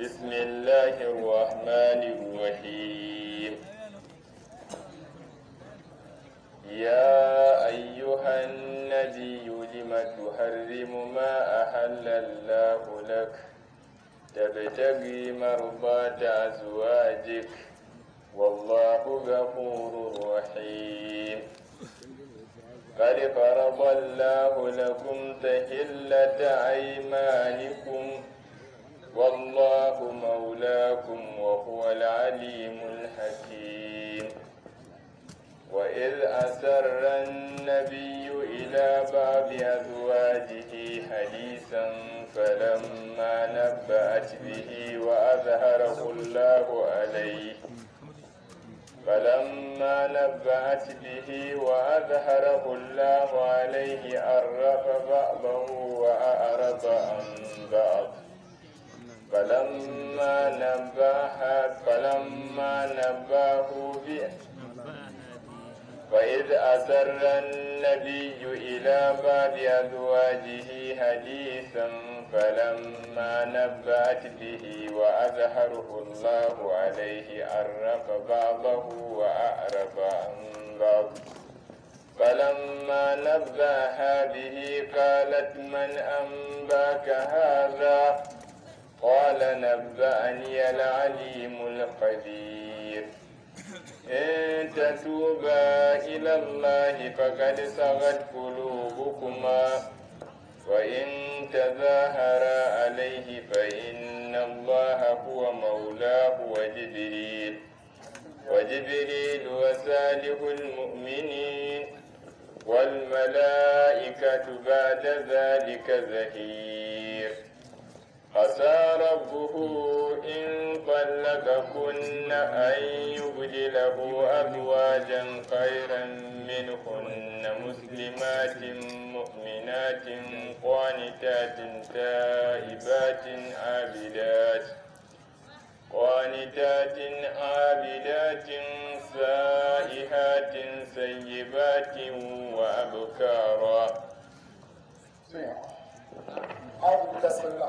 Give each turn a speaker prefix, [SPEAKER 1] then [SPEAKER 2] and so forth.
[SPEAKER 1] بسم الله الرحمن الرحيم يا أيها النبي لم تحرم ما أحل الله لك تبتغي مرضات أزواجك والله غفور رحيم قد فرض الله لكم تهلة أيمانكم والله مولاكم وهو العليم الحكيم وإذ أسر النبي إلى بعض أزواجه حديثا فلما نبأت به وأظهره الله عليه فلما نبأت به وأظهره الله عليه أرف بعضه وأعرض عن بعض فلما نباها فلما نباه به فإذ أسر النبي إلى بعض أزواجه حديثا فلما نبأت به وأظهره الله عليه عرف بعضه وأعرف عن بعض فلما نبأها به قالت من أنباك هذا قال نبأني العليم القدير إن تتوبا إلى الله فقد صغت قلوبكما وإن تظاهرا عليه فإن الله هو مولاه وجبريل وجبريل وسالح المؤمنين والملائكة بعد ذلك زهير عسى ربه إن طلقكن أن يبدله أزواجا خيرا منهن مسلمات مؤمنات قانتات تائبات عابدات قانتات عابدات سائحات سيبات وأبكارا